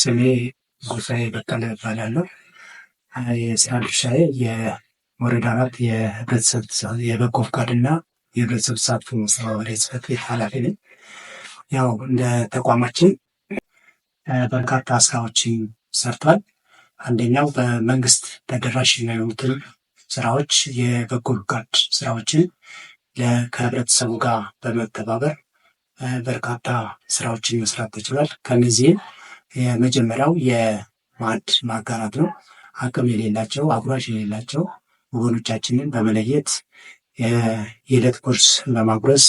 ስሜ ጎሳዬ በቀለ እባላለሁ። የስራ ድርሻዬ የወረዳ አራት የህብረተሰብ የበጎ ፈቃድና የህብረተሰብ ተሳትፎ ማስተባበሪያ ጽሕፈት ቤት ኃላፊ ነኝ። ያው እንደ ተቋማችን በርካታ ስራዎችን ሰርቷል። አንደኛው በመንግስት ተደራሽ የሚሆኑትን ስራዎች የበጎ ፍቃድ ስራዎችን ከህብረተሰቡ ጋር በመተባበር በርካታ ስራዎችን መስራት ተችሏል። ከነዚህም የመጀመሪያው የማዕድ ማጋራት ነው። አቅም የሌላቸው አጉራሽ የሌላቸው ወገኖቻችንን በመለየት የዕለት ቁርስ በማጉረስ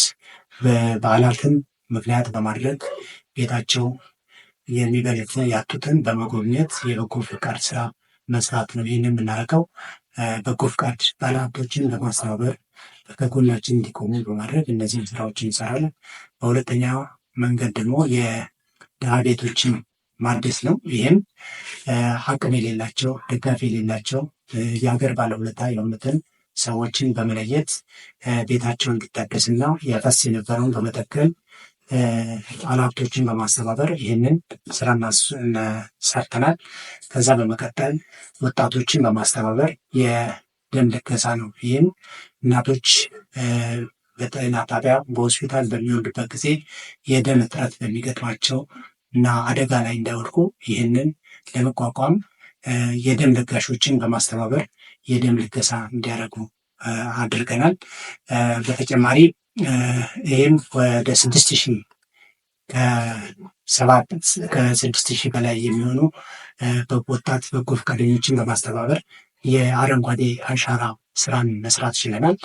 በበዓላትን ምክንያት በማድረግ ቤታቸው የሚበሉትን ያጡትን በመጎብኘት የበጎ ፍቃድ ስራ መስራት ነው። ይህን የምናደርገው በጎ ፍቃድ ባለሀብቶችን በማስተባበር ከጎናችን እንዲቆሙ በማድረግ እነዚህን ስራዎችን እንሰራለን። በሁለተኛ መንገድ ደግሞ የድሃ ቤቶችን ማደስ ነው። ይህም አቅም የሌላቸው ደጋፊ የሌላቸው የሀገር ባለውለታ የሆኑትን ሰዎችን በመለየት ቤታቸው እንዲታደስና የፈስ የነበረውን በመጠቀም ባለሀብቶችን በማስተባበር ይህንን ስራ ሰርተናል። ከዛ በመቀጠል ወጣቶችን በማስተባበር የደም ልገሳ ነው። ይህም እናቶች በጤና ጣቢያ በሆስፒታል በሚወልዱበት ጊዜ የደም እጥረት በሚገጥማቸው እና አደጋ ላይ እንዳይወድቁ ይህንን ለመቋቋም የደም ለጋሾችን በማስተባበር የደም ልገሳ እንዲያደርጉ አድርገናል። በተጨማሪ ይህም ወደ ስድስት ሺህ ከስድስት ሺህ በላይ የሚሆኑ ወጣት በጎ ፈቃደኞችን በማስተባበር የአረንጓዴ አሻራ ስራን መስራት ችለናል።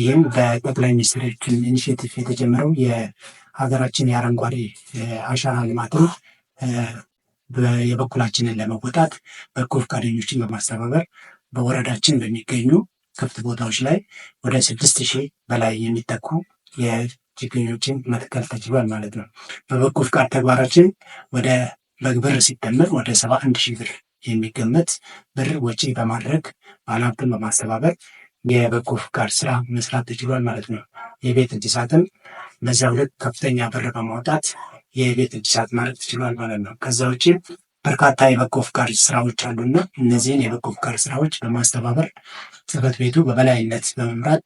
ይህም በጠቅላይ ሚኒስትር ኢኒሽቲቭ የተጀመረው ሀገራችን የአረንጓዴ አሻራ ልማትን የበኩላችንን ለመወጣት በጎ ፈቃደኞችን በማስተባበር በወረዳችን በሚገኙ ክፍት ቦታዎች ላይ ወደ ስድስት ሺህ በላይ የሚጠኩ የችግኞችን መትከል ተችሏል ማለት ነው። በበጎ ፍቃድ ተግባራችን ወደ በግብር ሲደመር ወደ ሰባ አንድ ሺህ ብር የሚገመት ብር ወጪ በማድረግ ባለሀብትን በማስተባበር የበጎ ፍቃድ ስራ መስራት ተችሏል ማለት ነው። የቤት እንስሳትም በዚያው ልክ ከፍተኛ ብር በማውጣት የቤት እድሳት ማለት ትችሏል ማለት ነው። ከዛ ውጭ በርካታ የበጎ ፍቃድ ስራዎች አሉና እነዚህን የበጎ ፍቃድ ስራዎች በማስተባበር ጽህፈት ቤቱ በበላይነት በመምራት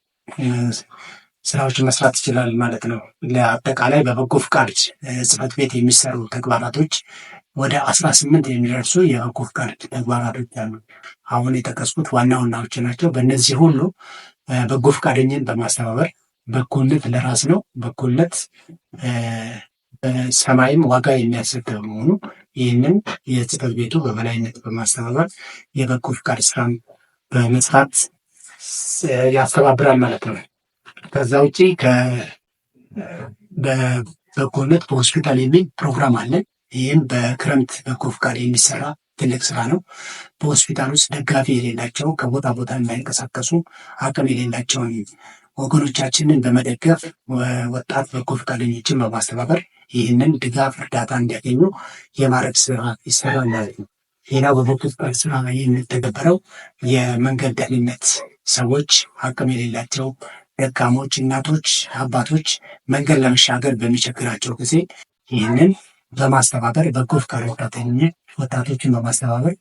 ስራዎች መስራት ይችላል ማለት ነው። ለአጠቃላይ በበጎ ፍቃድ ጽህፈት ቤት የሚሰሩ ተግባራቶች ወደ አስራ ስምንት የሚደርሱ የበጎ ፍቃድ ተግባራቶች አሉ። አሁን የጠቀስኩት ዋና ዋናዎች ናቸው። በእነዚህ ሁሉ በጎ ፍቃደኝን በማስተባበር በጎነት ለራስ ነው። በጎነት በሰማይም ዋጋ የሚያሰጥ በመሆኑ ይህንን የጽሕፈት ቤቱ በበላይነት በማስተባበር የበጎ ፍቃድ ስራም በመስራት ያስተባብራል ማለት ነው። ከዛ ውጭ በበጎነት በሆስፒታል የሚል ፕሮግራም አለን። ይህም በክረምት በጎ ፍቃድ የሚሰራ ትልቅ ስራ ነው። በሆስፒታል ውስጥ ደጋፊ የሌላቸው ከቦታ ቦታ የማይንቀሳቀሱ አቅም የሌላቸውን ወገኖቻችንን በመደገፍ ወጣት በጎ ፈቃደኞችን በማስተባበር ይህንን ድጋፍ እርዳታ እንዲያገኙ የማድረግ ስራ ይሰራል ማለት ነው። ሌላ በበጎ ፈቃድ ስራ የምንተገበረው የመንገድ ደህንነት ሰዎች አቅም የሌላቸው ደካሞች፣ እናቶች፣ አባቶች መንገድ ለመሻገር በሚቸግራቸው ጊዜ ይህንን በማስተባበር በጎ ፈቃድ ወጣቶችን በማስተባበር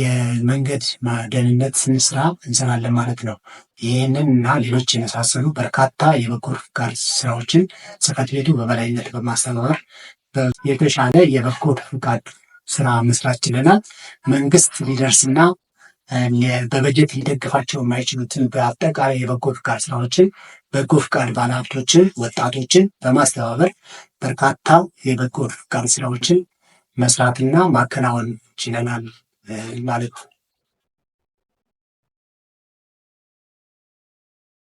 የመንገድ ደህንነት ስራ እንሰራለን ማለት ነው። ይህንን እና ሌሎች የመሳሰሉ በርካታ የበጎ ፍቃድ ስራዎችን ጽፈት ቤቱ በበላይነት በማስተባበር የተሻለ የበጎ ፍቃድ ስራ መስራት ችለናል። መንግስት ሊደርስና በበጀት ሊደግፋቸው የማይችሉትን በአጠቃላይ የበጎ ፍቃድ ስራዎችን በጎ ፍቃድ ባለሀብቶችን፣ ወጣቶችን በማስተባበር በርካታ የበጎ ፍቃድ ስራዎችን መስራትና ማከናወን ችለናል። eh, il male